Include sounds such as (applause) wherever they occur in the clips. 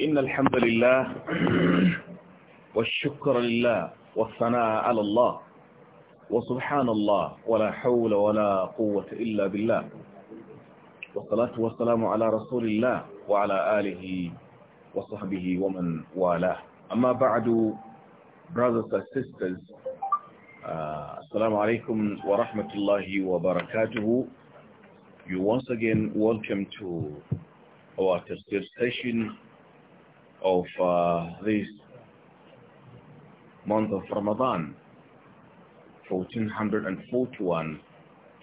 إن الحمد لله والشكر لله والثناء على الله وسبحان الله ولا حول ولا قوة إلا بالله والصلاة والسلام على رسول الله وعلى آله وصحبه ومن والاه أما بعد brothers and sisters آه، السلام عليكم ورحمة الله وبركاته you once again welcome to our tafsir session of uh, this month of Ramadan, 1441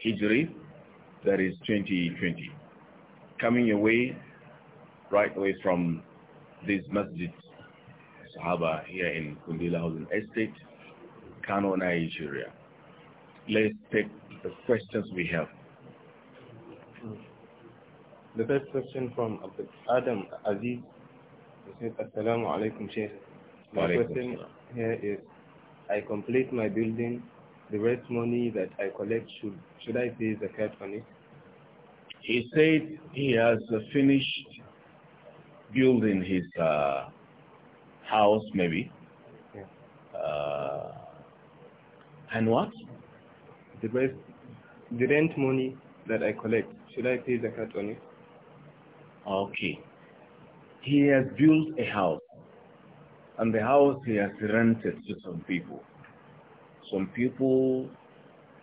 Hijri, that is 2020. Coming away right away from this masjid Sahaba here in Kundila Housing Estate, Kano, Nigeria. Let's take the questions we have. Hmm. The first question from Adam Aziz Assalamu alaikum, Sheikh. My question here is, I complete my building, the rest money that I collect, should, should I pay zakat on it? He said he has finished building his uh, house, maybe. Yeah. Uh, and what? The rest, the rent money that I collect, should I pay zakat on it? Okay he has built a house and the house he has rented to some people. Some people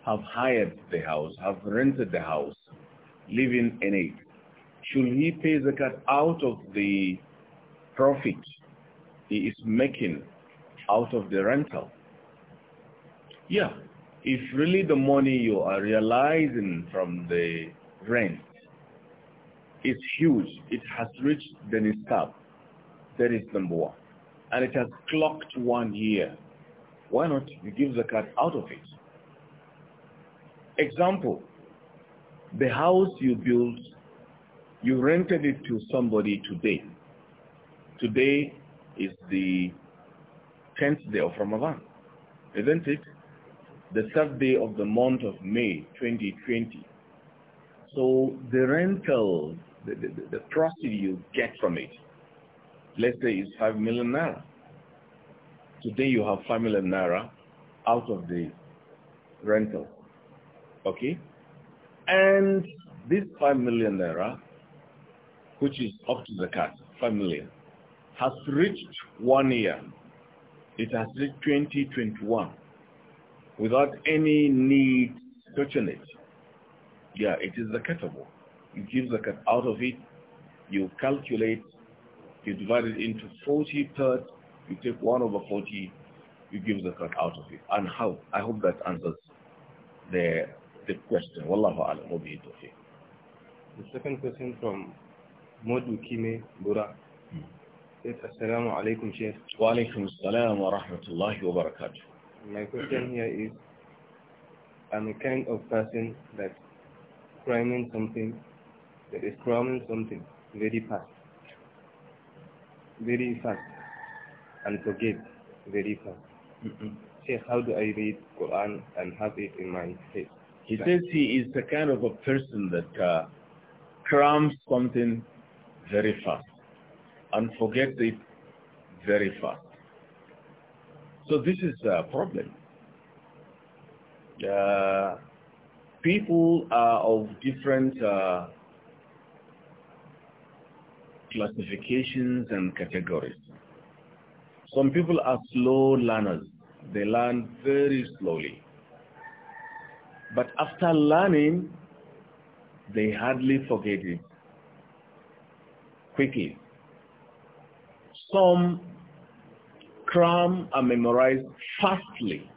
have hired the house, have rented the house, living in it. Should he pay the cut out of the profit he is making out of the rental? Yeah, if really the money you are realizing from the rent is huge. It has reached the nisab. That is number one. And it has clocked one year. Why not you give zakat out of it? Example, the house you built, you rented it to somebody today. Today is the 10th day of Ramadan, isn't it? The third day of the month of May 2020. So the rental the, the, profit you get from it, let's say it's 5 million naira. Today you have 5 million naira out of the rental. Okay? And this 5 million naira, which is up to the cut, 5 million, has reached one year. It has reached 2021 without any need touching it. Yeah, it is the catable you give zakat out of it, you calculate, you divide it into 40 thirds, you take 1 over 40, you give zakat out of it. And how? I hope that answers the, the question. Wallahu alam, wa bihi The second question from Modu Kime Bura. Hmm. Assalamu alaikum, Sheikh. Wa alaikum assalam wa rahmatullahi wa barakatuh. My question here is, I'm a kind of person that priming something that is crumbling something very fast, very fast, and forget very fast. Mm Say, how do I read Quran and have it in my head? He says he is the kind of a person that uh, crams something very fast and forgets it very fast. So this is a problem. Uh, people are of different uh, classifications and categories. Some people are slow learners. They learn very slowly. But after learning, they hardly forget it quickly. Some cram and memorize fastly,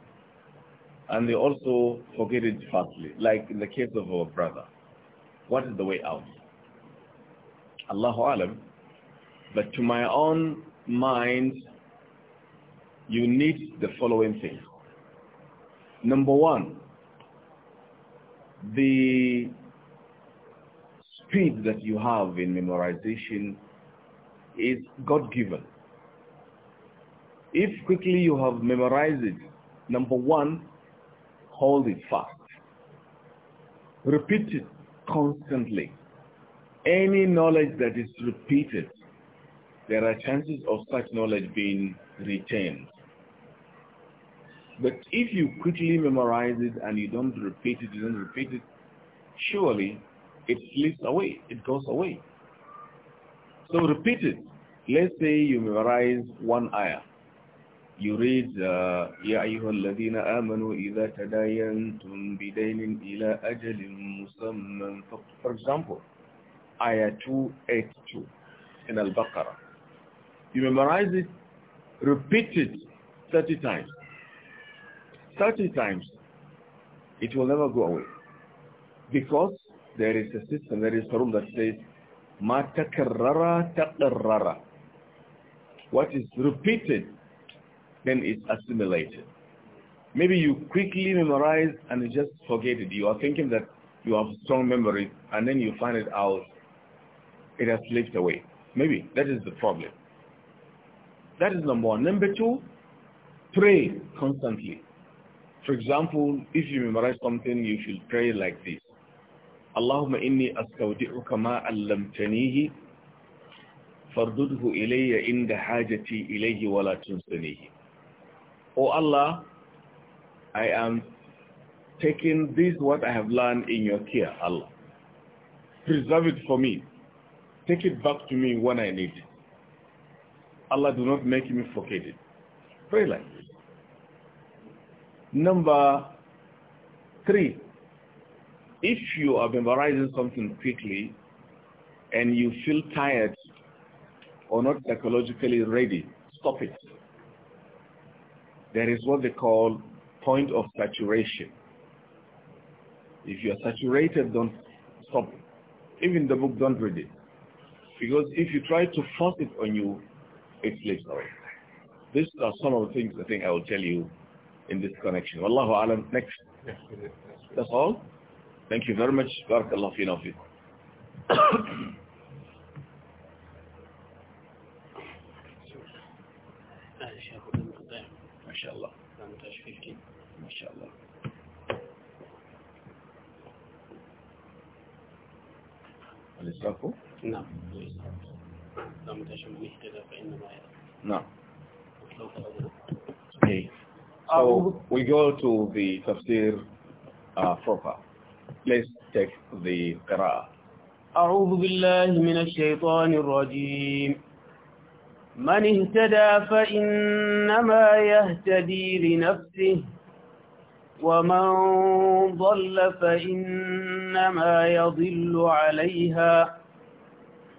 and they also forget it fastly, like in the case of our brother. What is the way out? Allahu Alam, but to my own mind, you need the following things. Number one, the speed that you have in memorization is God-given. If quickly you have memorized it, number one, hold it fast. Repeat it constantly. Any knowledge that is repeated there are chances of such knowledge being retained. But if you quickly memorize it and you don't repeat it, you don't repeat it, surely it slips away, it goes away. So repeat it. Let's say you memorize one ayah. You read, يَا أَيُّهَا الَّذِينَ آمَنُوا إِذَا تَدَايَنْتُمْ بِدَيْنٍ إِلَىٰ أَجَلٍ مُسَمًّا For example, ayah 282 in Al-Baqarah. You memorize it, repeat it 30 times. 30 times, it will never go away. Because there is a system, there is a rule that says, ma takarrara taqarrara. What is repeated, then it's assimilated. Maybe you quickly memorize and you just forget it. You are thinking that you have strong memory and then you find it out. It has slipped away. Maybe that is the problem. That is number one. Number two, pray constantly. For example, if you memorize something, you should pray like this. "Allahumma inni أستودعك ما علمتنيه فردده ilayya inda hajati إليه ولا تنسنيه O Allah, I am taking this what I have learned in your care, Allah. Preserve it for me. Take it back to me when I need it. Allah do not make me it. Pray like this. Number three, if you are memorizing something quickly and you feel tired or not psychologically ready, stop it. There is what they call point of saturation. If you are saturated, don't stop. Even the book, don't read it. Because if you try to force it on you, it slips away. These are some of the things I think I will tell you in this connection. Wallahu alam. Next. That's all. Thank you very much. Barakallah fi nafi. (coughs) MashaAllah. MashaAllah. Al-Israfu? No. نعم okay so آه، we go to the tafsir uh, proper let's take the qira'ah أعوذ بالله من الشيطان الرجيم من اهتدى فإنما يهتدي لنفسه ومن ضل فإنما يضل عليها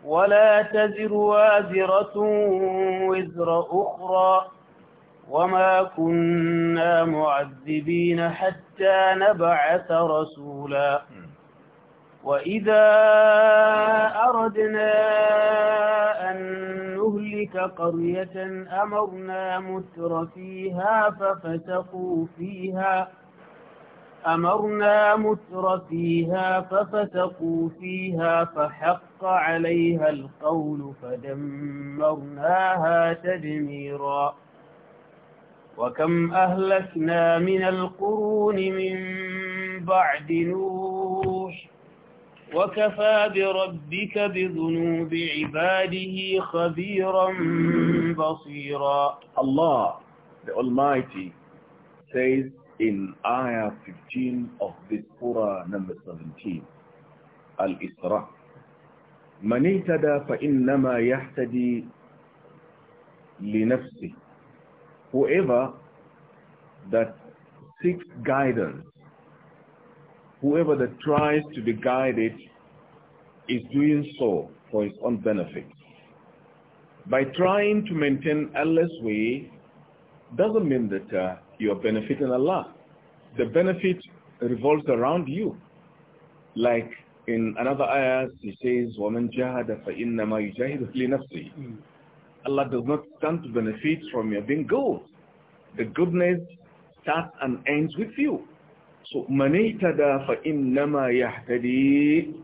ولا تزر وازرة وزر أخرى وما كنا معذبين حتى نبعث رسولا وإذا أردنا أن نهلك قرية أمرنا متر فيها ففتقوا فيها ففتقوا فيها أمرنا متر فيها ففتقوا فيها فحق عليها القول فدمرناها تدميرا وكم أهلكنا من القرون من بعد نوح وكفى بربك بذنوب عباده خبيرا بصيرا Allah, the Almighty, says in ayah 15 of this surah number 17, Al-Isra. Whoever that seeks guidance, whoever that tries to be guided is doing so for his own benefit. By trying to maintain Allah's way doesn't mean that uh, you are benefiting Allah. The benefit revolves around you. Like in another ayah, he says, وَمَنْ جَهَدَ فَإِنَّمَا يُجَاهِدُ لِنَفْسِهِ Allah does not stand to benefit from your being good. The goodness starts and ends with you. So, مَنْ اِهْتَدَى فَإِنَّمَا يَهْتَدِي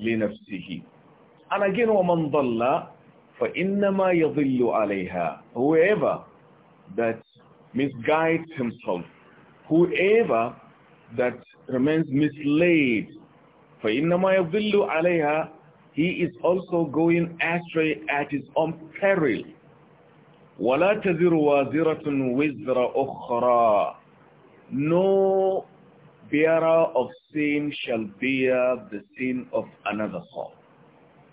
لِنَفْسِهِ And again, وَمَنْ ضَلَّ فَإِنَّمَا يَضِلُّ عَلَيْهَا Whoever that misguides himself. Whoever that remains misled, Inna يَضِلُّ عَلَيْهَا He is also going astray at his own peril. وَلَا تَذِرُ وَازِرَةٌ وِزْرَ أُخْرَى No bearer of sin shall bear the sin of another soul.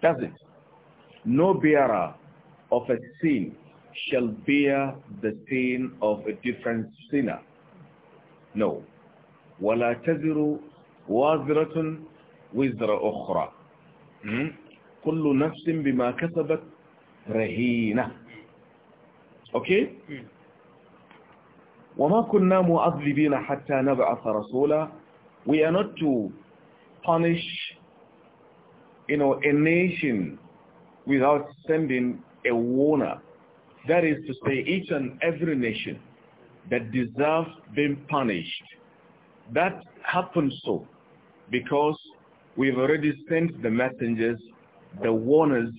Does it? No bearer of a sin shall bear the sin of a different sinner. No. وَلَا تَزِرُ وَازِرَةٌ وِزْرَ أُخْرَى hmm? كُلُّ نَفْسٍ بِمَا كَسَبَتْ رَهِينَةٌ Okay? Hmm. وَمَا كُنَّا مُعَذِّبِينَ حَتَّى نَبْعَثَ رَسُولًا We are not to punish you know, a nation without sending a warner that is to say, each and every nation that deserves being punished, that happens so because we've already sent the messengers, the warners,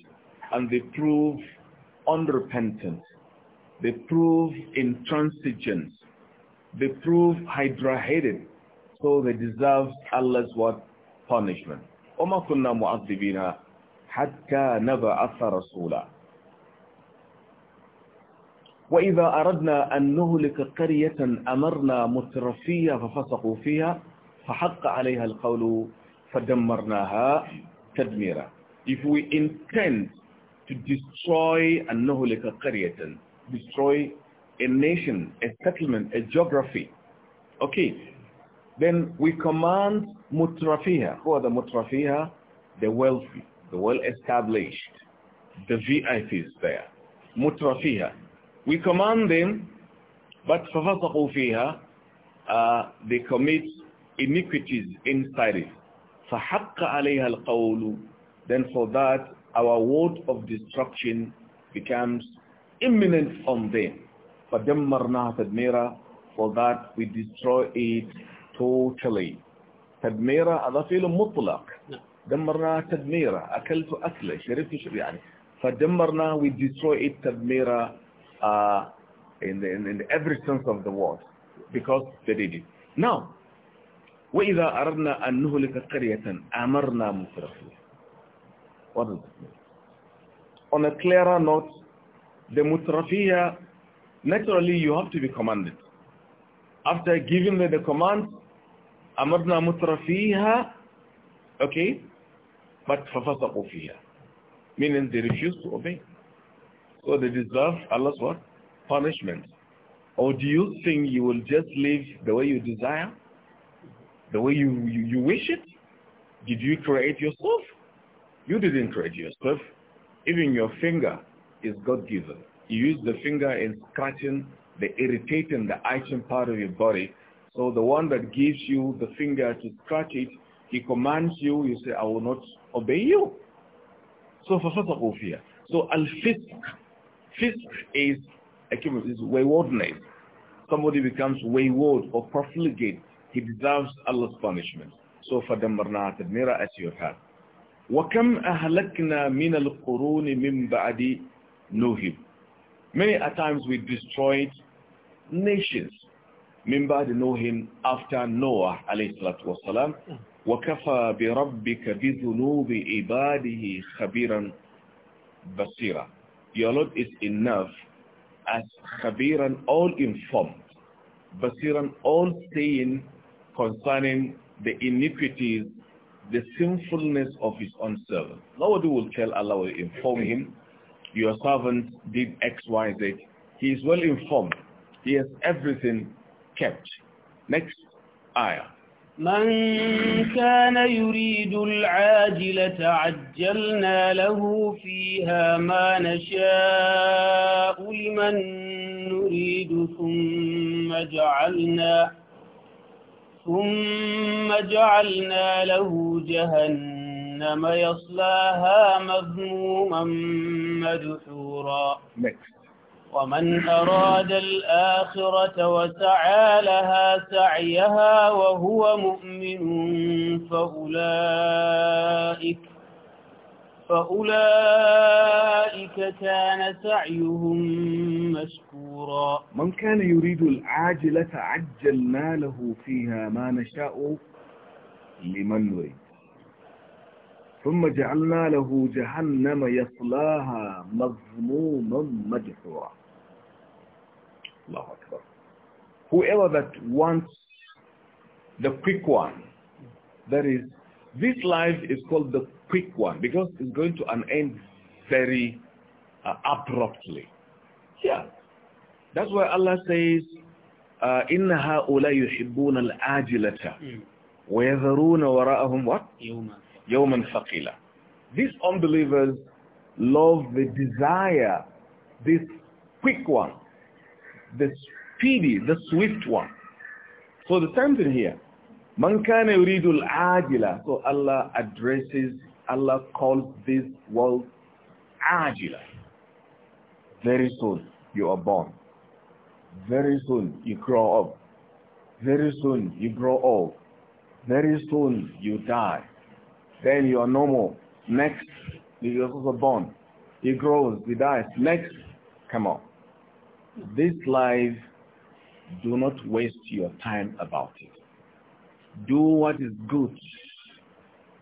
and they prove unrepentant. They prove intransigent. They prove hydra-headed. So they deserve Allah's what? Punishment. وَمَا كُنَّا مُعَذِّبِينَ حَتَّى نَبَعَثَ رَسُولًا وإذا أردنا أن نهلك قرية أمرنا مترفية ففسقوا فيها فحق عليها القول فدمرناها تدميرا If we intend to destroy أن نهلك قرية destroy a nation, a settlement, a geography okay then we command mutrafiha who are the mutrafiha the wealthy the well established the VIPs there mutrafiha we command them, but فَفَسَقُوا فِيهَا uh, They commit iniquities inside it. فَحَقَّ عَلَيْهَا الْقَوْلُ Then for that, our word of destruction becomes imminent on them. فَدَمَّرْنَاهَا تَدْمِيرًا For that, we destroy it totally. تدميرا هذا فعل مطلق دمرنا تدميرا أكلت أكله شربت شرب يعني فدمرنا we destroy it تدميرا uh, in, the, in, in every sense of the word because they did it. Now, وَإِذَا أَرَدْنَا أَن نُهْلِكَ قَرْيَةً أَمَرْنَا مُتْرَفِيهَ What does it mean? On a clearer note, the mutrafiya, naturally you have to be commanded. After giving them the command, أَمَرْنَا مُتْرَفِيهَا Okay? But فَفَسَقُوا فِيهَا Meaning they refused to obey. So they deserve Allah's what? Punishment. Or do you think you will just live the way you desire? The way you, you, you wish it? Did you create yourself? You didn't create yourself. Even your finger is God-given. You use the finger in scratching the irritating, the itching part of your body. So the one that gives you the finger to scratch it, he commands you, you say, I will not obey you. So فَفَتَقُوا فِيهَا So al-fisk Fifth is, is waywardness. Somebody becomes wayward or profligate. He deserves Allah's punishment. So فَدَمَّرْنَا تَدْمِرَ as you have. وَكَمْ أَهْلَكْنَا مِنَ الْقُرُونِ مِنْ بَعْدِ نُوهِمْ Many a times we destroyed nations. مِنْ بَعْدِ نُوهِمْ after Noah عليه الصلاة والسلام وَكَفَى بِرَبِّكَ بِذُنُوبِ عِبَادِهِ خَبِيرًا بَصِيرًا your Lord is enough as Khabiran, all informed, Basiran, all seeing concerning the iniquities, the sinfulness of his own servant. Nobody will tell Allah, will inform him, your servant did X, Y, Z. He is well informed. He has everything kept. Next ayah. من كان يريد العاجلة عجلنا له فيها ما نشاء لمن نريد ثم جعلنا ثم جعلنا له جهنم يصلاها مذموما مدحورا Next. ومن أراد الآخرة وسعى لها سعيها وهو مؤمن فأولئك فأولئك كان سعيهم مشكورا من كان يريد العاجلة عجلنا له فيها ما نشاء لمن نريد ثم جعلنا له جهنم يصلاها مظموما مدحورا Whoever that wants the quick one, that is, this life is called the quick one because it's going to an end very uh, abruptly. Yeah. That's why Allah says, uh, "Inna هَؤُلَا يُحِبُّونَ الْآجِلَةَ وَيَذَرُونَ وَرَاءَهُمْ what? يَوْمًا ثَقِيلًا These unbelievers love the desire, this quick one, the speedy, the swift one. So the same thing here. Man kana yuridul ajila. So Allah addresses, Allah calls this world ajila. Very soon you are born. Very soon you grow up. Very soon you grow old. Very soon you die. Then you are no more. Next, you are also born. He grows, he dies. Next, come on. This life, do not waste your time about it. Do what is good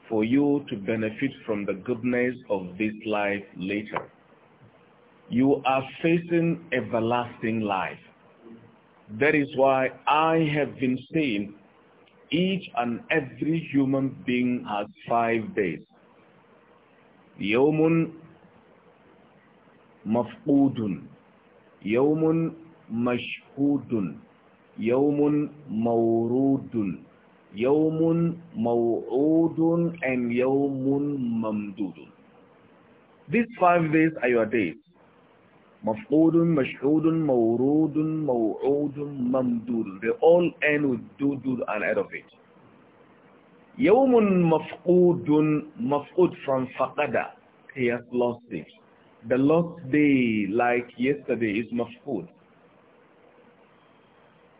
for you to benefit from the goodness of this life later. You are facing everlasting life. That is why I have been saying each and every human being has five days. يوم مفقود يوم مشهود يوم مورود يوم موعود and يوم ممدود These five days are your days. مفقود مشهود مورود موعود ممدود They all end with دودود and out of it. يوم مفقود مفقود from فقد he has lost it. The lost day, like yesterday, is mafhud.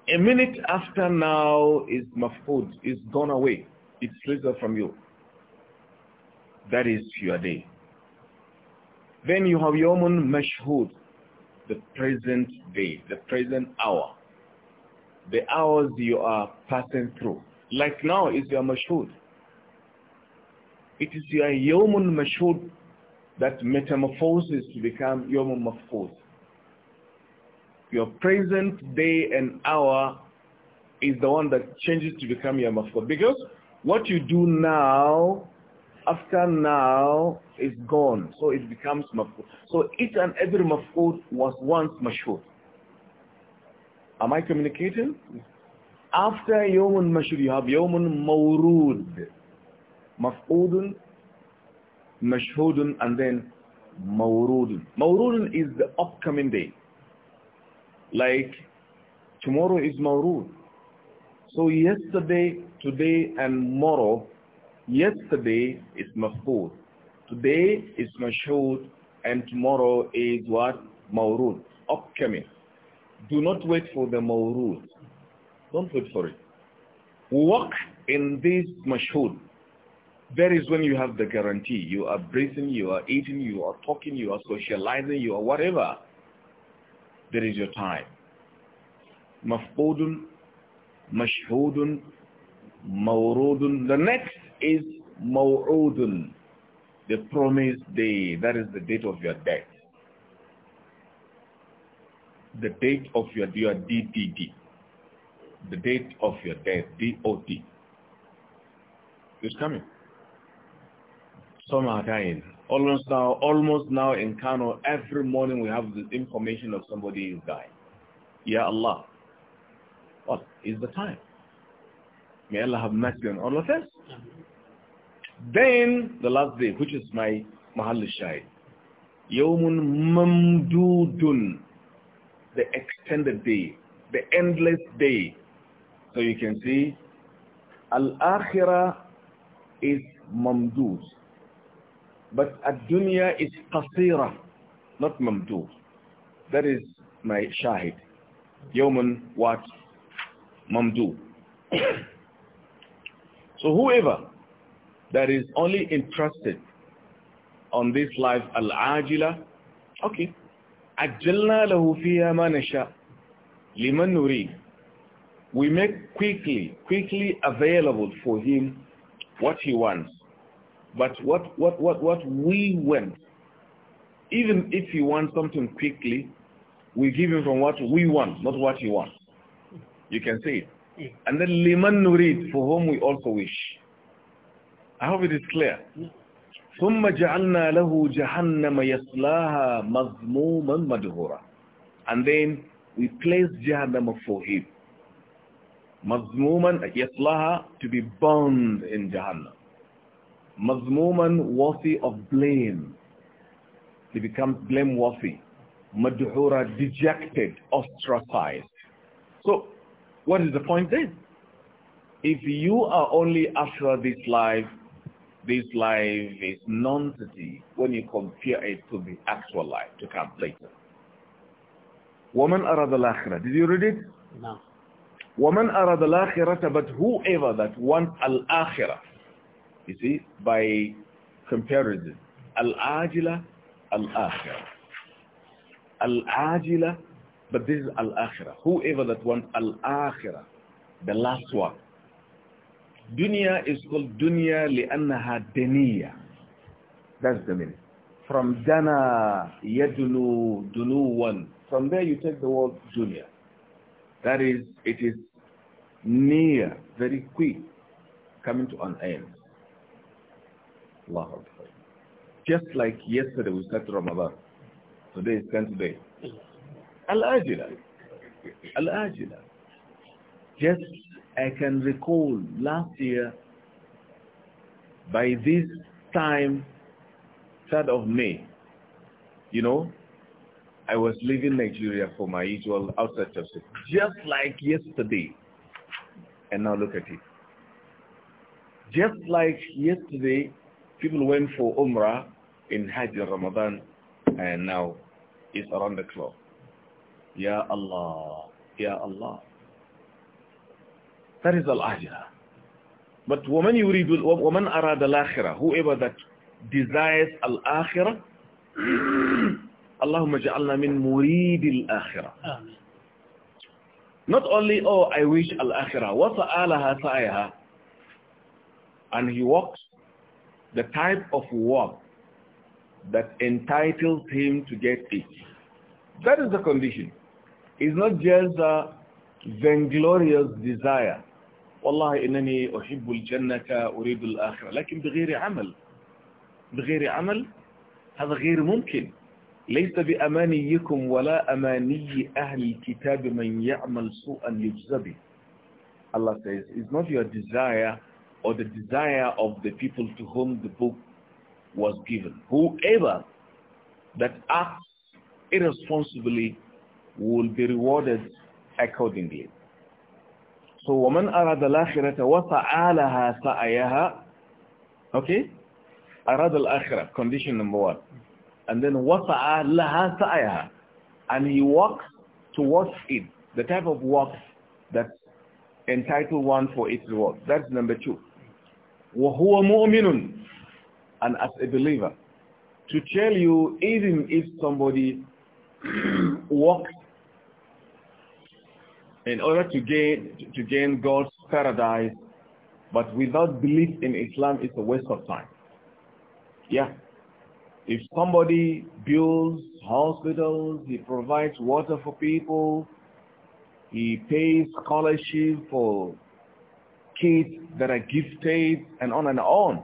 A minute after now is mafhud, is gone away. It's slipped from you. That is your day. Then you have own mashhud, the present day, the present hour. The hours you are passing through. Like now is your mashhud. It is your own mashhud that metamorphoses to become Yom Mahfuz. Your present day and hour is the one that changes to become Yom Mahfuz. Because what you do now, after now, is gone. So it becomes Mahfuz. So each and every Mahfuz was once Mashhur. Am I communicating? After your Mashhur, you have your Mawrud. Maf'udun mashhudun and then mawrudun. Mawrudun is the upcoming day. Like tomorrow is mawrud. So yesterday, today and tomorrow, yesterday is mafhud. Today is mashhud and tomorrow is what? Mawrud. Upcoming. Do not wait for the mawrud. Don't wait for it. Walk in this mashhud. That is when you have the guarantee. You are breathing, you are eating, you are talking, you are socializing, you are whatever. That is your time. Mafqudun, mashhudun, mawrudun. The next is maw'udun, the promised day. That is the date of your death. The date of your, your DDD. The date of your death, D-O-T. It's coming summertime. Almost now, almost now in Kano, every morning we have the information of somebody is dying. Ya Allah, what is the time? May Allah have mercy on all of us. Then the last day, which is my Mahal Shahid. Yawmun Mamdudun. The extended day, the endless day. So you can see, Al-Akhirah is Mamdud. But ad-dunya is qasira, not mamdu. That is my shahid. Yawman what? Mamdu. (coughs) so whoever that is only interested on this life al-ajila, okay, عجلنا له فيها ما نشاء لمن we make quickly quickly available for him what he wants but what, what, what, what we want, even if you want something quickly, we give him from what we want, not what he wants. You can see it. And then liman nurid, for whom we also wish. I hope it is clear. ثم جعلنا له جهنم يصلاها مذموما مدهورا and then we place jahannam for him mazmuman yaslaha to be bound in jahannam Mazmuman worthy of blame. He becomes blameworthy. Madhura dejected, ostracized. So what is the point then? If you are only after this life, this life is nonentity when you compare it to the actual life to come later. Woman arad al Did you read it? No. Woman arad al but whoever that wants al-akhirah, you see, by comparison. Al-ajila, al-akhirah. Al-ajila, but this is al-akhirah. Whoever that wants al-akhirah, the last one. Dunya is called dunya li'annaha daniya. That's the meaning. From dana yadulu dunuwan. From there you take the word dunya. That is, it is near, very quick, coming to an end. Allah. Just like yesterday we started Ramadan. Today is 10th day. Al-Ajila. Al-Ajila. Just I can recall last year by this time, 3rd of May, you know, I was leaving Nigeria for my usual outside job, just like yesterday. And now look at it. Just like yesterday, People went for Umrah in Hajj in Ramadan and now it's around the clock. Ya Allah, Ya Allah. That is Al-Ajra. But وَمَنْ يُرِيدُ وَمَنْ أَرَادَ الْآخِرَةِ Whoever that desires Al-Akhirah, اللهم اجعلنا من مريد الآخرة. Amen. Not only, oh, I wish Al-Akhirah, وَسَآلَهَا سَعَيْهَا And he walks the type of work that entitles him to get it. That is the condition. It's not just a vainglorious desire. والله إنني أحب الجنة أريد الآخرة لكن بغير عمل بغير عمل هذا غير ممكن ليس بأمانيكم ولا أماني أهل الكتاب من يعمل سوءا يجزى به Allah says, it's not your desire or the desire of the people to whom the book was given. Whoever that acts irresponsibly will be rewarded accordingly. So woman أَرَادَ الْآخِرَةَ وَسَعَى لَهَا سَعَيَهَا Okay? al الْآخِرَةَ Condition number one. And then وَسَعَى لَهَا سَعَيَهَا And he walks towards it. The type of walk that entitle one for its reward. That's number two. وَهُوَ مُؤْمِنٌ And as a believer, to tell you even if somebody (clears throat) walks in order to gain, to gain God's paradise, but without belief in Islam, it's a waste of time. Yeah. If somebody builds hospitals, he provides water for people, he pays scholarship for kids that are gifted and on and on.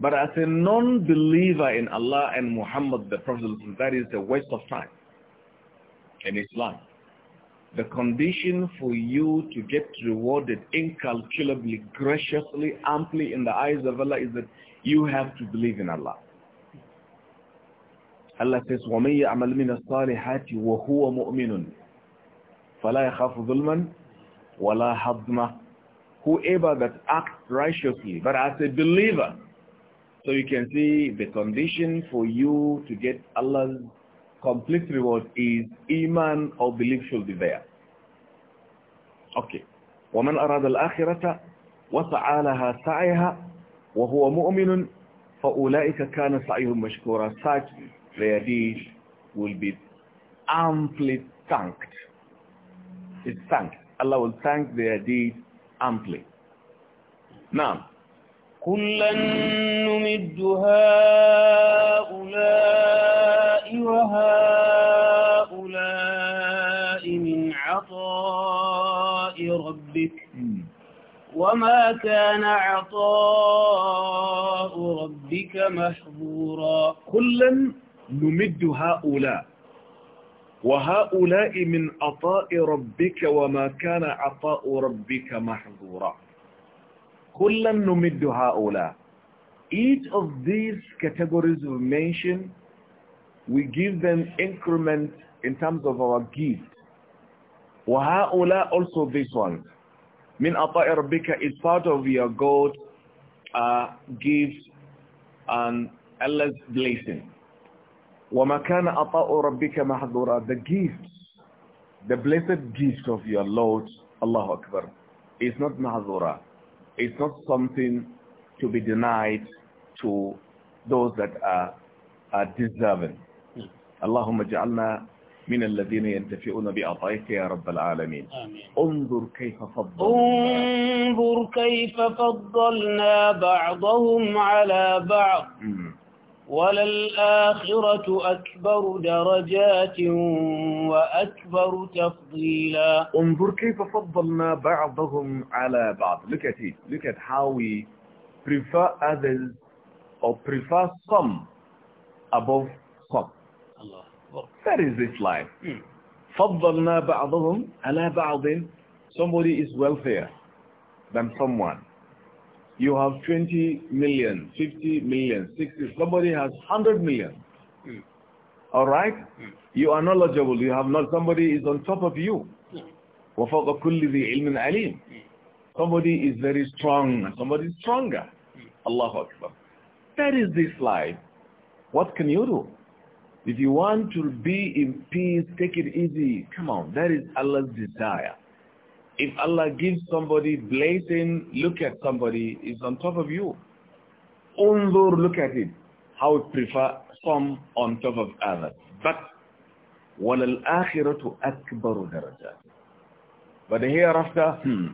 But as a non-believer in Allah and Muhammad, the Prophet, that is a waste of time in Islam. The condition for you to get rewarded incalculably, graciously, amply in the eyes of Allah is that you have to believe in Allah. Allah says, وَمَنْ يَعْمَلْ مِنَ الصَّالِحَاتِ وَهُوَ مُؤْمِنٌ فَلَا يَخَافُ ظُلْمًا وَلَا حَظْمًا whoever that acts righteously, but as a believer. So you can see the condition for you to get Allah's complete reward is iman or belief should be there. Okay. ومن أراد الآخرة وسعى لها سعيها وهو مؤمن فأولئك كان سعيهم مشكورا such their deeds will be amply thanked. It's thanked. Allah will thank their deeds amply. Now, كلا نمد هؤلاء وهؤلاء من عطاء ربك وما كان عطاء ربك محظورا كلا نمد هؤلاء وَهَؤُلَاءِ مِنْ عَطَاءِ رَبِّكَ وَمَا كَانَ عَطَاءُ رَبِّكَ مَحْظُورًا كُلًّا نُمِدُّ هَؤُلَاء Each of these categories we mentioned, we give them increment in terms of our gift. وَهَؤُلَاء also this one. مِنْ عَطَاءِ رَبِّكَ is part of your God uh, gift and Allah's blessing. وما كان عطاء رَبِّكَ محظورا The gift, the blessed gift of your Lord, Allahu Akbar, is not محظورا It's not something to be denied to those that are, are deserving. اللهم اجعلنا من الذين ينتفعون بعطائك يا رب العالمين آمين. انظر كيف فضلنا انظر كيف فضلنا بعضهم على بعض م. وللآخرة أكبر درجات وأكبر تفضيلا انظر كيف فضلنا بعضهم على بعض Look at it. Look at how we prefer others or prefer some above some. Allah. That is this life. Mm. فضلنا بعضهم على بعض. Somebody is wealthier than someone. You have 20 million, 50 million, 60, somebody has 100 million. Mm. All right? Mm. You are knowledgeable. You have not, somebody is on top of you. Hmm. وَفَوْقَ hmm. Somebody is very strong. Somebody is stronger. Hmm. Allahu Akbar. That is this life. What can you do? If you want to be in peace, take it easy. Come on, that is Allah's desire. If Allah gives somebody blessing, look at somebody, it's on top of you. Unzur, look at it, how it prefer some on top of others. But وَلَلْآخِرَةُ أَكْبَرُ دَرَجَاتٍ But hereafter, hmm,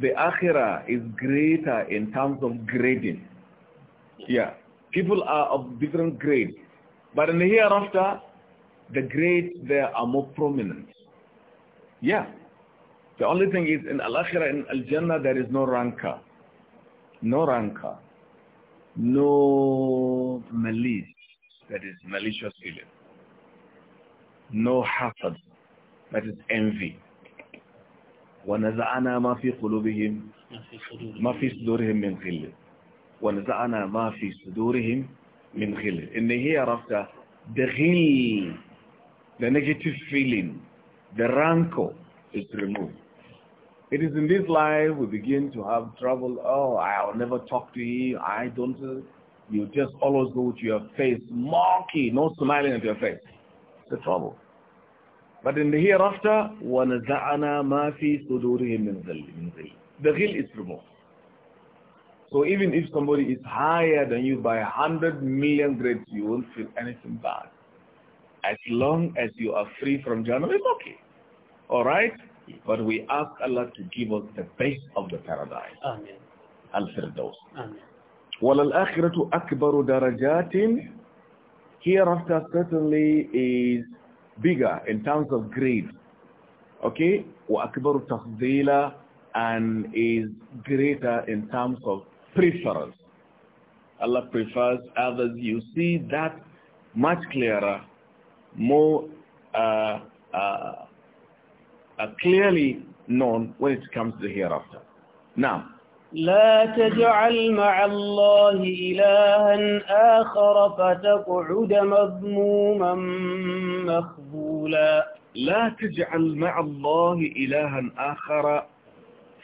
the akhirah is greater in terms of grading. Yeah, people are of different grades. But in the hereafter, the grades there are more prominent. Yeah, the only thing is in al in Al-Jannah, there is no rancor. No rancor. No malice. That is malicious feeling. No hatred. That is envy. ونزعنا ما في قلوبهم ما في صدورهم من غل ونزعنا ما في صدورهم من غل إن هي عرفت the ghil, the negative feeling the rancor is removed it is in this life we begin to have trouble. Oh, I'll never talk to you. I don't. Uh, you just always go to your face, mocking, no smiling at your face. It's a trouble. But in the hereafter, وَنَزَعَنَا مَا فِي صُدُورِهِمْ مِنْ The ghil is removed. So even if somebody is higher than you by 100 million grades, you won't feel anything bad. As long as you are free from Jahannam, it's okay. All right? But we ask Allah to give us the best of the paradise. Amen. Al-Firdaus. Amen. وَلَلْآخِرَةُ أَكْبَرُ دَرَجَاتٍ Hereafter certainly is bigger in terms of grade. Okay? وَأَكْبَرُ تَفْضِيلًا and is greater in terms of preference. Allah prefers others. You see that much clearer, more uh, uh, are clearly known when it comes to the hereafter. Now, لا تجعل مع الله إلها آخر فتقعد مذموما مخذولا لا تجعل مع الله إلها آخر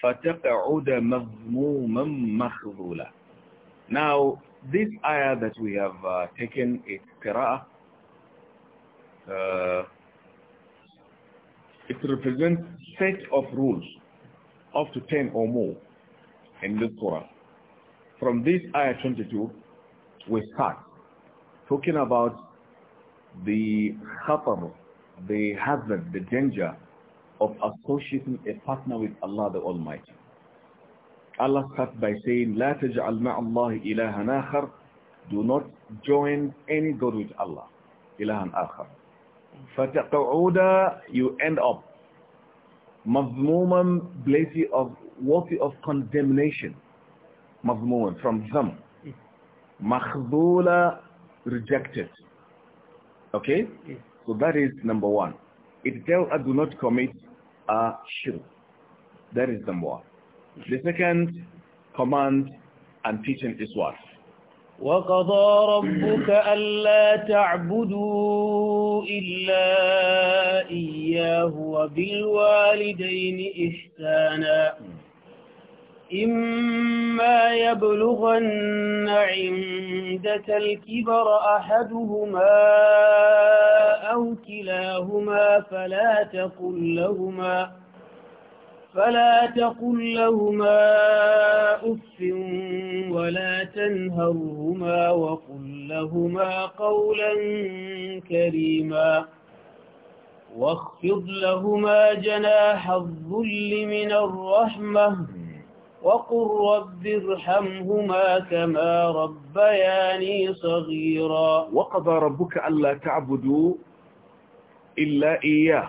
فتقعد مذموما مخذولا Now, this ayah that we have uh, taken its Qira'ah. Uh, it represents set of rules, up to 10 or more, in this Quran. From this ayah 22, we start talking about the khatar, the hazard, the danger of associating a partner with Allah the Almighty. Allah starts by saying, لا تجعل مع الله إلها آخر Do not join any God with Allah, إلها آخر. فَتَقْعُودَ You end up مَضْمُومًا Blazy of worthy of condemnation مَضْمُومًا From them مَخْذُولَ Rejected Okay? So that is number one. It tells us do not commit a shirk. That is number one. The second command and teaching is what? وَقَضَى رَبُّكَ أَلَّا تَعْبُدُوا إلا إياه وبالوالدين إحسانا إما يبلغن عندك الكبر أحدهما أو كلاهما فلا تقل لهما فلا تقل لهما أف ولا تنهرهما وقل لهما قولا كريما واخفض لهما جناح الذل من الرحمة وقل رب ارحمهما كما ربياني صغيرا وقضى ربك ألا تعبدوا إلا إياه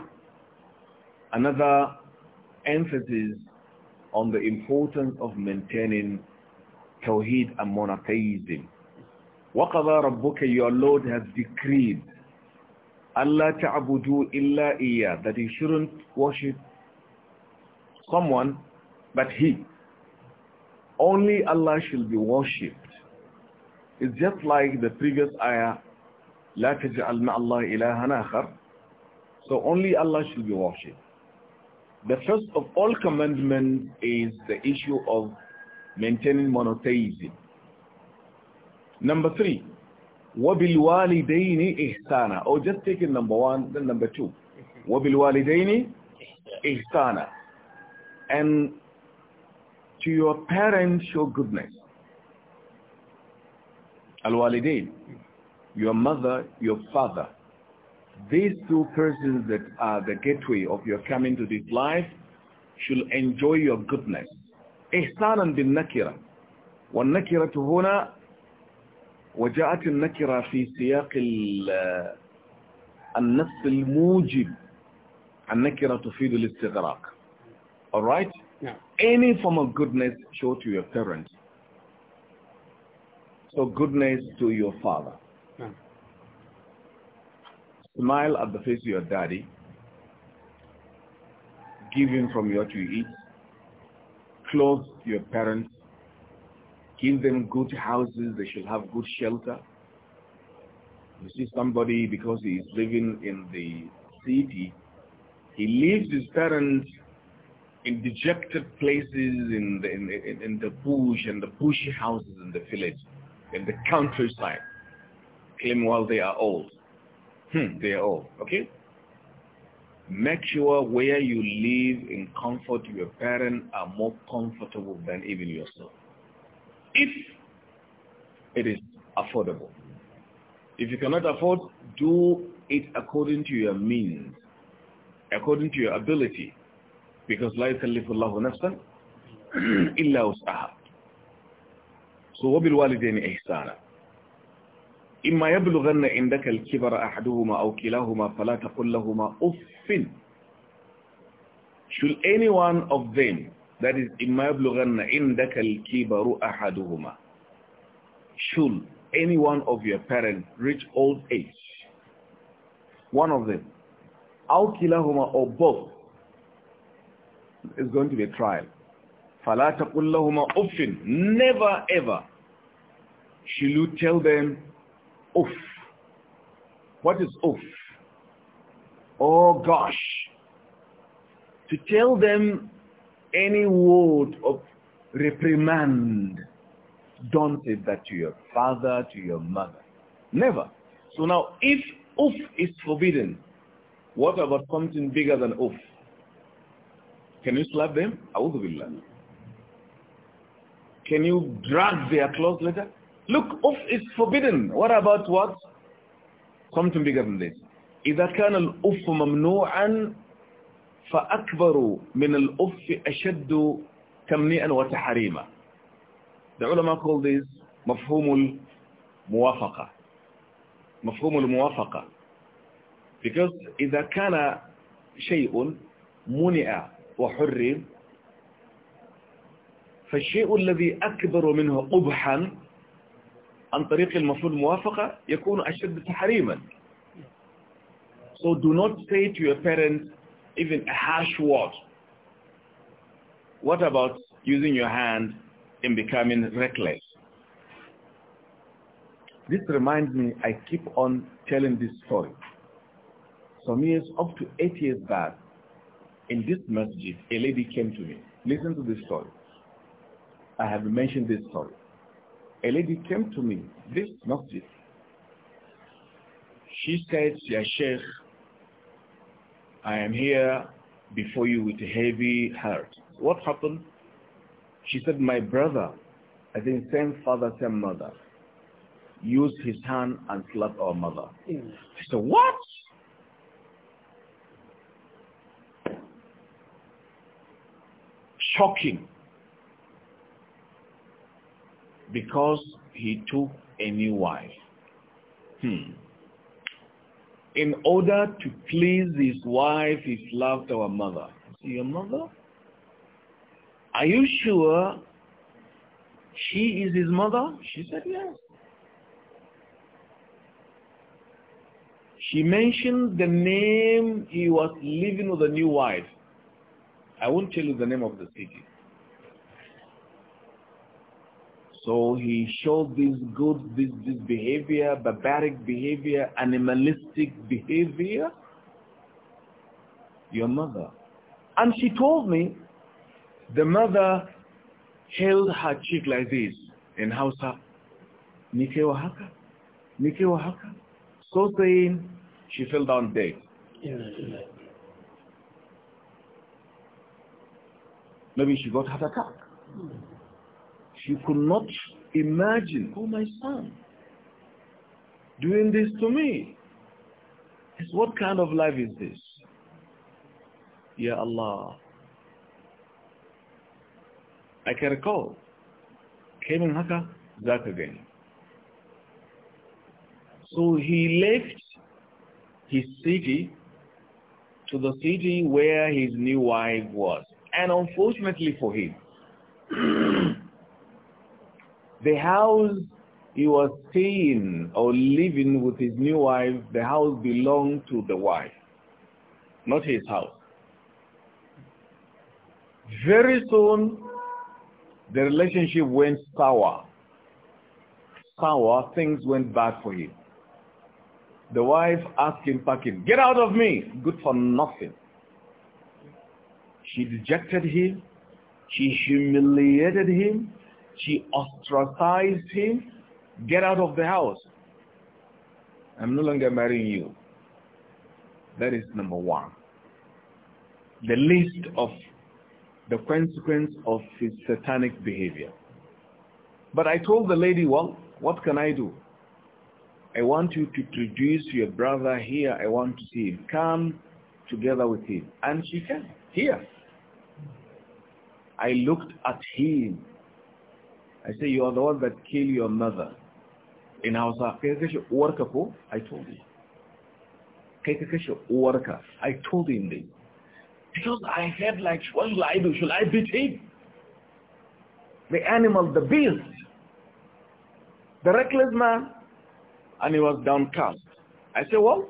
Another emphasis on the importance of maintaining Tawheed and monotheism. وَقَضَى رَبُّكَ Your Lord has decreed أَلَّا تَعْبُدُوا إِلَّا إِيَّا That you shouldn't worship someone but He. Only Allah shall be worshipped. It's just like the previous ayah, لَا تَجْعَلْ مَعَ اللَّهِ إِلَهًا So only Allah shall be worshipped. The first of all commandments is the issue of maintaining monotheism. Number three, وَبِالْوَالِدَيْنِ إِحْسَانًا Or just taking number one, then number two. وَبِالْوَالِدَيْنِ mm-hmm. إِحْسَانًا And to your parents show goodness. Al-walidain, mm-hmm. your mother, your father these two persons that are the gateway of your coming to this life should enjoy your goodness. إحسانا بالنكرة والنكرة هنا وجاءت النكرة في سياق النفس الموجب النكرة تفيد الاستغراق alright yeah. any form of goodness show to your parents so goodness to your father yeah. Smile at the face of your daddy. Give him from what you eat. Clothe your parents. Give them good houses. They should have good shelter. You see somebody, because he is living in the city, he leaves his parents in dejected places in the, in, in, in the bush and the bushy houses in the village, in the countryside, claim while they are old. Hmm, they are all. Oh, okay? Make sure where you live in comfort, your parents are more comfortable than even yourself. If it is affordable. If you cannot afford, do it according to your means, according to your ability. Because لا يكلف الله نفسا إلا وسعها. So وبالوالدين إحسانا. إما يبلغن عندك الكبر أحدهما أو كلاهما فلا تقل لهما أف Should any one of them, that is, إما يبلغن عندك الكبر أحدهما, should any one of your parents reach old age, one of them, أو كلاهما أو both, It's going to be a trial. فلا تقل لهما أف Never ever should you tell them Oof. What is oof? Oh gosh. To tell them any word of reprimand. Don't say that to your father, to your mother. Never. So now, if oof is forbidden, what about something bigger than oof? Can you slap them? Can you drag their clothes later? Look, off is forbidden. What about what? Something bigger than this. إذا كان الأف ممنوعا فأكبر من الأف أشد تمنيئا وتحريما. The ulama call this مفهوم الموافقة. مفهوم الموافقة. Because إذا كان شيء منع وحرم فالشيء الذي أكبر منه قبحا عن طريق يكون أشد تحريما So do not say to your parents even a harsh word. What about using your hand in becoming reckless? This reminds me, I keep on telling this story. Some years, up to eight years back, in this masjid, a lady came to me. Listen to this story. I have mentioned this story a lady came to me, this masjid. She said, Ya Sheikh, I am here before you with a heavy heart. What happened? She said, my brother, I think same father, same mother, used his hand and slapped our mother. Mm. I said, what? Shocking because he took a new wife. Hmm. In order to please his wife, he loved our mother. Your mother? Are you sure she is his mother? She said yes. She mentioned the name he was living with a new wife. I won't tell you the name of the city. So he showed this good, this, this behavior, barbaric behavior, animalistic behavior, your mother. And she told me the mother held her cheek like this in Hausa. Nike wahaka, Nike wahaka. So saying, she fell down dead. Maybe she got heart attack you could not imagine, oh my son, doing this to me. It's what kind of life is this? Ya Allah. I can recall, came in Haka, back again. So he left his city to the city where his new wife was. And unfortunately for him, (clears throat) The house he was staying or living with his new wife, the house belonged to the wife, not his house. Very soon, the relationship went sour. Sour, things went bad for him. The wife asked him, packing, get out of me, good for nothing. She dejected him. She humiliated him. She ostracized him, get out of the house. I'm no longer marrying you. That is number one. The list of the consequence of his satanic behavior. But I told the lady, well, what can I do? I want you to introduce your brother here. I want to see him. Come together with him. And she came here. I looked at him I say, you are the one that killed your mother. In Hausa, kai kashe uwarka ko? I told you. Kai ka kashe uwarka. I told him this. Because I had like, what should I do? Should I beat him? The animal, the beast. The reckless man. And he was downcast. I said, well,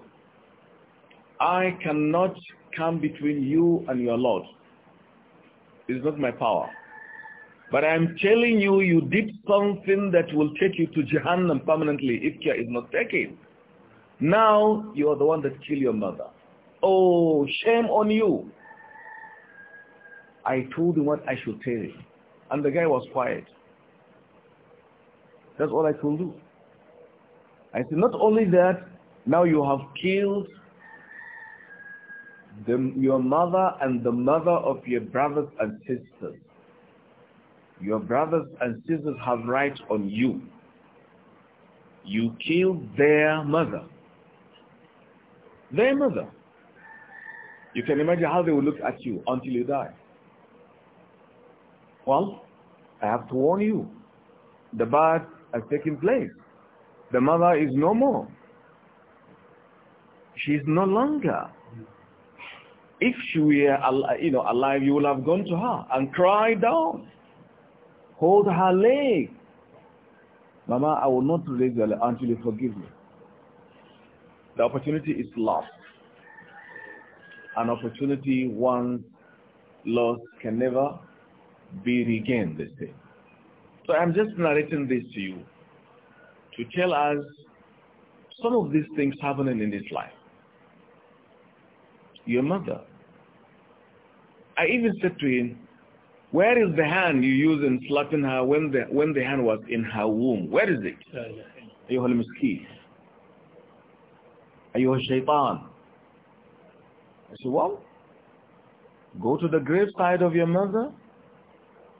I cannot come between you and your Lord. It's not my power. But I'm telling you, you did something that will take you to Jahannam permanently if care is not taken. Now you are the one that killed your mother. Oh, shame on you. I told him what I should tell him. And the guy was quiet. That's all I could do. I said, not only that, now you have killed the, your mother and the mother of your brothers and sisters. Your brothers and sisters have rights on you. You killed their mother. Their mother. You can imagine how they will look at you until you die. Well, I have to warn you. The birth has taken place. The mother is no more. She is no longer. If she were you know, alive, you would have gone to her and cried out. Hold her leg. Mama, I will not raise your leg until you forgive me. The opportunity is lost. An opportunity once lost can never be regained, they say. So I'm just narrating this to you to tell us some of these things happening in this life. Your mother, I even said to him, where is the hand you use in slapping her when the, when the hand was in her womb? Where is it? Are you a الشيطان I said, well, go to the graveside of your mother,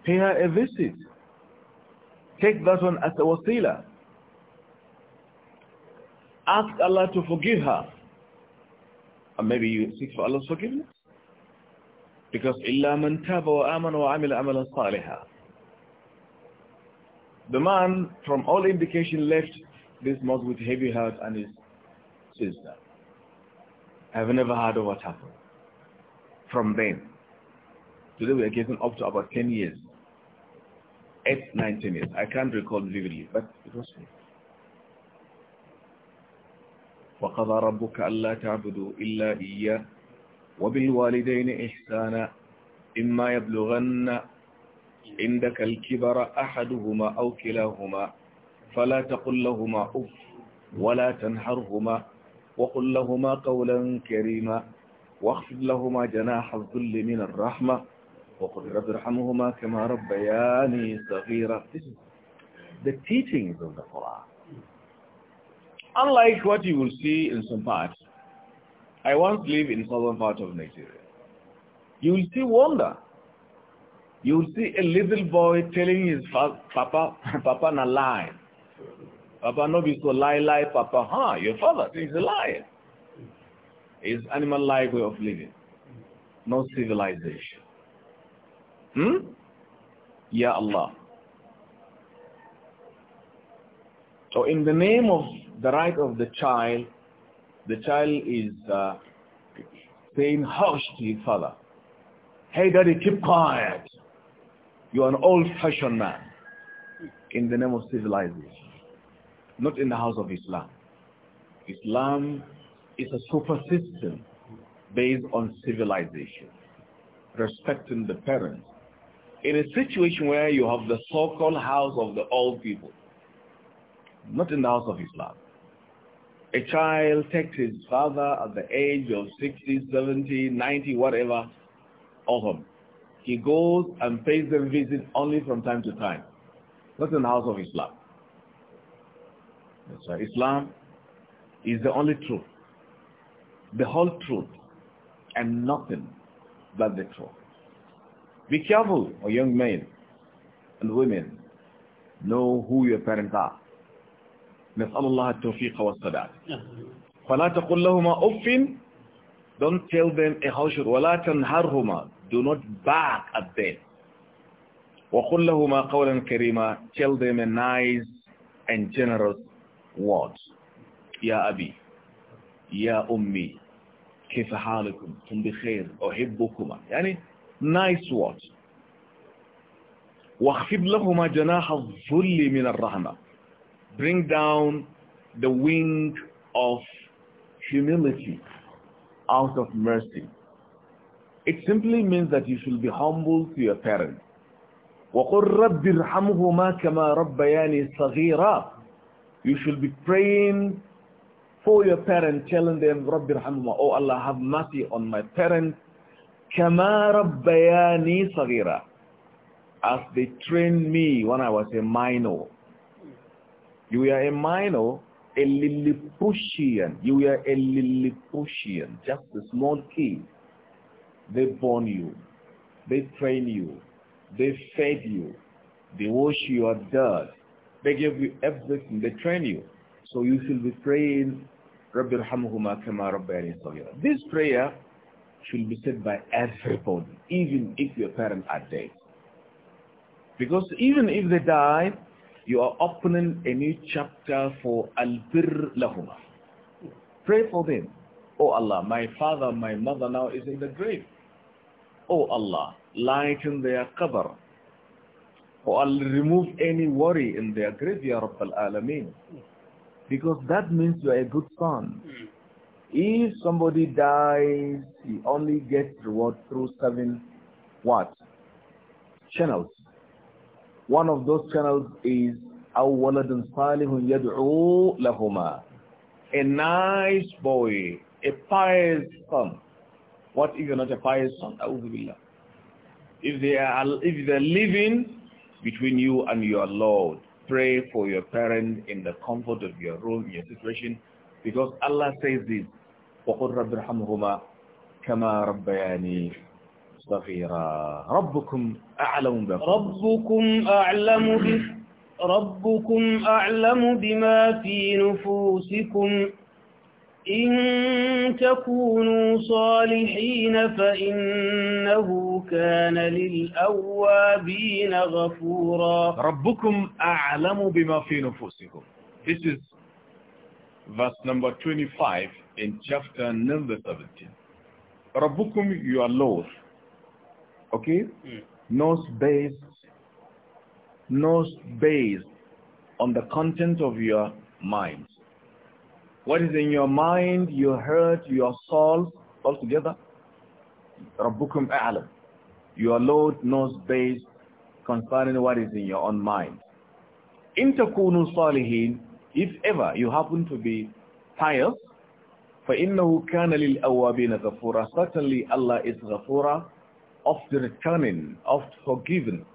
pay her a visit. Take that one as a wasila. Ask Allah to forgive her. And maybe you seek for Allah's forgiveness. Because إِلَّا مَنْ تَابَ وَآمَنَ وَعَمِلَ عَمَلًا صَالِحًا The man, from all indication, left this mosque with heavy heart and his sister. I've never heard of what happened from then, Today we are getting up to about 10 years. 8, 9, years. I can't recall vividly, but it was me. وَقَضَى رَبُّكَ أَلَّا تَعْبُدُوا إِلَّا إِيَّا وبالوالدين إحسانا إما يبلغن عندك الكبر أحدهما أو كلاهما فلا تقل لهما أف ولا تنهرهما وقل لهما قولا كريما واخفض لهما جناح الذل من الرحمة وقل رب ارحمهما كما ربياني صغيرا This is the teachings of the Quran. Unlike what you will see in some parts I once lived in southern part of Nigeria. You will see wonder. You will see a little boy telling his papa, (laughs) papa na lie. Papa no be so lie, lie, papa, huh? Your father is a liar. His animal life way of living. No civilization. Hmm? Ya Allah. So in the name of the right of the child, the child is uh, saying hush to his father. Hey daddy, keep quiet. You're an old-fashioned man in the name of civilization, not in the house of Islam. Islam is a super system based on civilization, respecting the parents. In a situation where you have the so-called house of the old people, not in the house of Islam a child takes his father at the age of 60, 70, 90, whatever, of He goes and pays them visit only from time to time. That's in the house of Islam. That's right. Islam is the only truth, the whole truth, and nothing but the truth. Be careful, O young men and women. Know who your parents are. نسأل الله التوفيق والسداد نعم. فلا تقل لهما أف don't tell them a harsh ولا تنهرهما do not bark at them وقل لهما قولا كريما tell them a nice and generous word يا أبي يا أمي كيف حالكم كن بخير أحبكما يعني nice word واخفض لهما جناح الظل من الرحمة bring down the wing of humility out of mercy. It simply means that you should be humble to your parents. وَقُلْ رَبِّ ارْحَمْهُمَا كَمَا رَبَّيَانِي صَغِيرًا You should be praying for your parents, telling them, رَبِّ ارْحَمْهُمَا Oh Allah, have mercy on my parents. كَمَا رَبَّيَانِي صَغِيرًا As they trained me when I was a minor. You are a minor, a Lilliputian. You are a Lilliputian, just a small kid. They born you. They train you. They fed you. They wash your dirt. They give you everything. They train you. So you should be praying, Rabbi Kama Rabbi This prayer should be said by everybody, even if your parents are dead. Because even if they die you are opening a new chapter for albir lahuma. Pray for them. Oh Allah, my father, my mother now is in the grave. Oh Allah, lighten their cover Oh Allah, remove any worry in their grave, Ya Al Alameen. Because that means you are a good son. If somebody dies, he only gets reward through seven what? Channels. One of those channels is أو salihun صالح lahuma, A nice boy, a pious son. What if you're not a pious son? If they are if they're living between you and your Lord, pray for your parent in the comfort of your room, your situation, because Allah says this, وَقُلْ رَبِّ رَحَمْهُمَا كَمَا رَبَّيَانِي صغيرا ربكم أعلم بكم ربكم أعلم بكم ربكم أعلم بما في نفوسكم إن تكونوا صالحين فإنه كان للأوابين غفورا ربكم أعلم بما في نفوسكم This is verse number 25 in chapter number 17 ربكم your Lord okay? Mm. Not based, not based on the content of your mind. What is in your mind, your heart, your soul, all together? Rabbukum a'lam. Your Lord knows based concerning what is in your own mind. Intakunu salihin, if ever you happen to be pious, فَإِنَّهُ كَانَ لِلْأَوَّابِينَ غَفُورًا Certainly Allah is غَفُورًا of the returning, of forgiving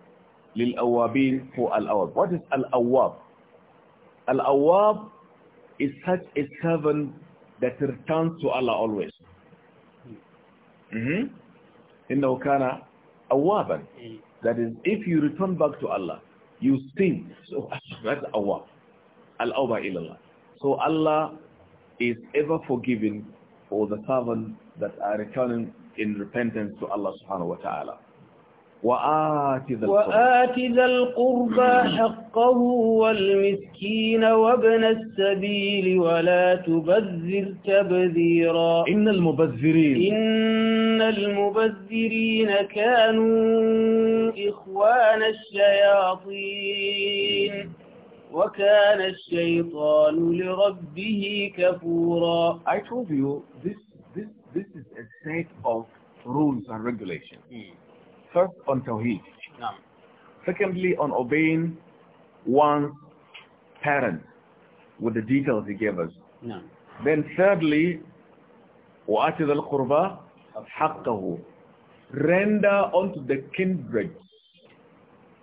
للأوابين for Al-Awab. What is Al-Awab? Al-Awab is such a servant that returns to Allah always. Mm-hmm. إِنَّهُ كَانَ أَوَّابًا That is, if you return back to Allah, you sin. So (laughs) that's Awab. Al-Awba ilallah. So Allah is ever forgiving for the servant that are returning in repentance to Allah subhanahu wa ta'ala. وآت ذا القربى حقه والمسكين وابن السبيل ولا تبذر تبذيرا إن المبذرين إن المبذرين كانوا إخوان الشياطين وكان الشيطان لربه كفورا I told you this a set of rules and regulations. Mm. First, on Tawheed. No. Secondly, on obeying one's parents with the details he gave us. No. Then thirdly, وَآتِ ذَا الْقُرْبَى حَقَّهُ Render unto the kindred.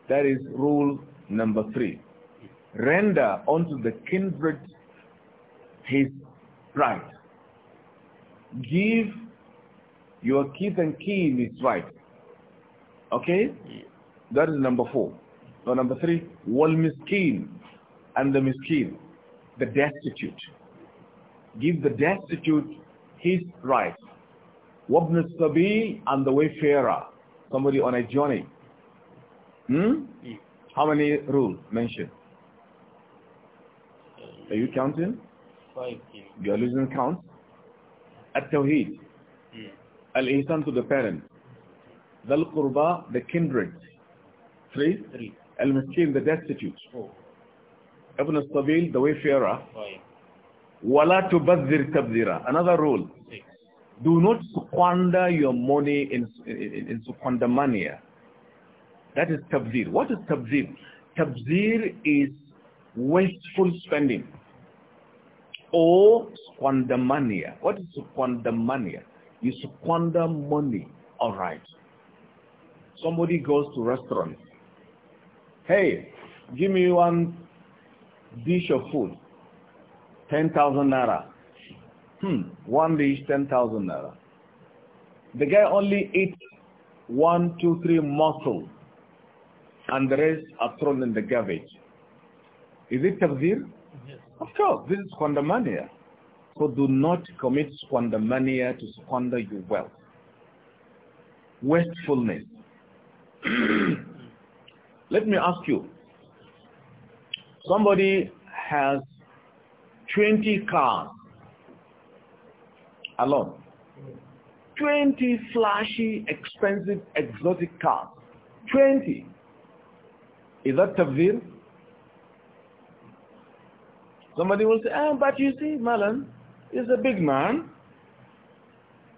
That is rule number three. Render unto the kindred his right. Give your keys and kin is right. Okay? That is number four. So number three, wal miskin and the miskin, the destitute. Give the destitute his right. Wabn sabil and the wayfarer, somebody on a journey. Hmm? How many rules mentioned? Are you counting? Five. You are losing count. At-Tawheed. Al-Ihsan to the parents. Dal Qurba, the kindred. Three. Three. Al-Miskin, the destitute. Four. Ibn al-Sabil, the wayfarer. Five. Wala tubazzir tabzira. Another rule. Six. Do not squander your money in, in, in squandermania. That is tabzir. What is tabzir? Tabzir is wasteful spending or squandermania. What is squandermania? You squander money. All right. Somebody goes to restaurant. Hey, give me one dish of food. 10,000 naira. Hmm, one dish, 10,000 naira. The guy only eats one, two, three morsel. And the rest are thrown in the garbage. Is it tafsir? Yes. Of course, this is money. So do not commit squandermania to squander your wealth. Wastefulness. (clears throat) Let me ask you. Somebody has 20 cars alone. 20 flashy, expensive, exotic cars. 20. Is that tabzir? Somebody will say, ah, but you see, Malan, is a big man.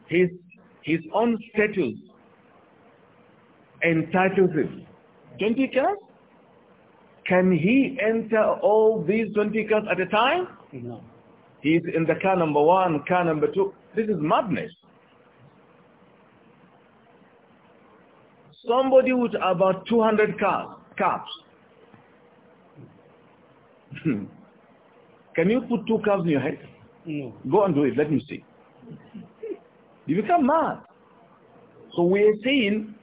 His, his own status entitles him. 20 cars? Can he enter all these 20 cars at a time? No. He's in the car number one, car number two. This is madness. Somebody with about 200 cars, cars. (laughs) Can you put two cars in your head? No. Hmm. Go and do it. Let me see. You become mad. So we're saying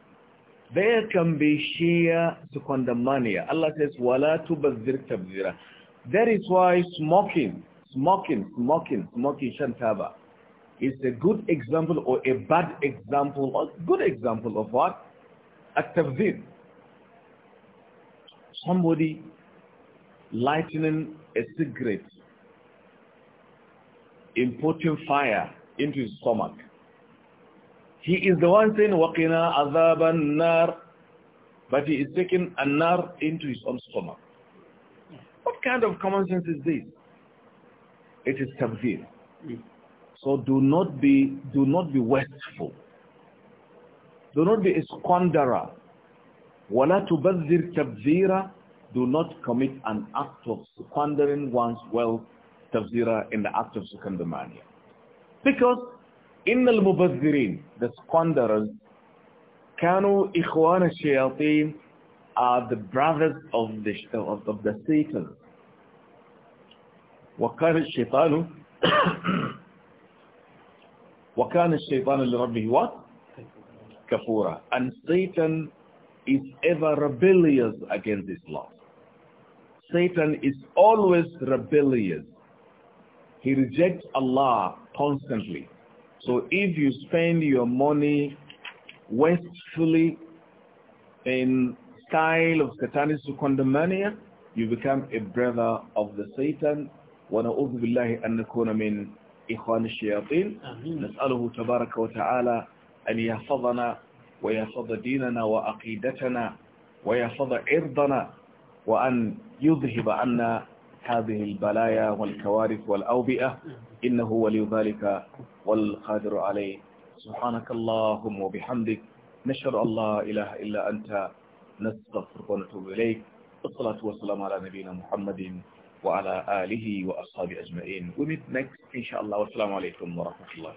there can be sheer secondamania. Allah says, وَلَا تُبَذِّرْ تَبْذِرًا That is why smoking, smoking, smoking, smoking shantaba is a good example or a bad example or good example of what? At-tabzir. Somebody lightening a cigarette in putting fire into his stomach. He is the one saying, "Waqina عَذَابَ nar," But he is taking a nar into his own stomach. What kind of common sense is this? It is tabzir. Hmm. So do not be, do not be wasteful. Do not be a squanderer. وَلَا تُبَذِّرْ تَبْذِيرًا Do not commit an act of squandering one's wealth tafsirah in the act of Sukandamania. Because in al-mubazzirin, the squanderers, كانوا إخوان الشياطين are the brothers of the, of, of the Satan. وكان الشيطان (coughs) وكان الشيطان لربه what? كفورا. And Satan is ever rebellious against his law. Satan is always rebellious he rejects Allah constantly. So if you spend your money wastefully in style of satanic condomania, you become a brother of the Satan. ونعوذ بالله أن نكون من إخوان الشياطين نسأله تبارك وتعالى أن يحفظنا ويحفظ ديننا وعقيدتنا ويحفظ عرضنا وأن يذهب عنا هذه البلايا والكوارث والأوبئة إنه ولي ذلك والقادر عليه سبحانك اللهم وبحمدك نشهد أن لا إله إلا أنت نستغفرك ونتوب إليك الصلاة والسلام على نبينا محمد وعلى آله وأصحابه أجمعين We meet next إن شاء الله والسلام عليكم ورحمة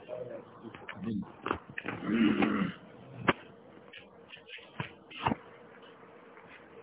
الله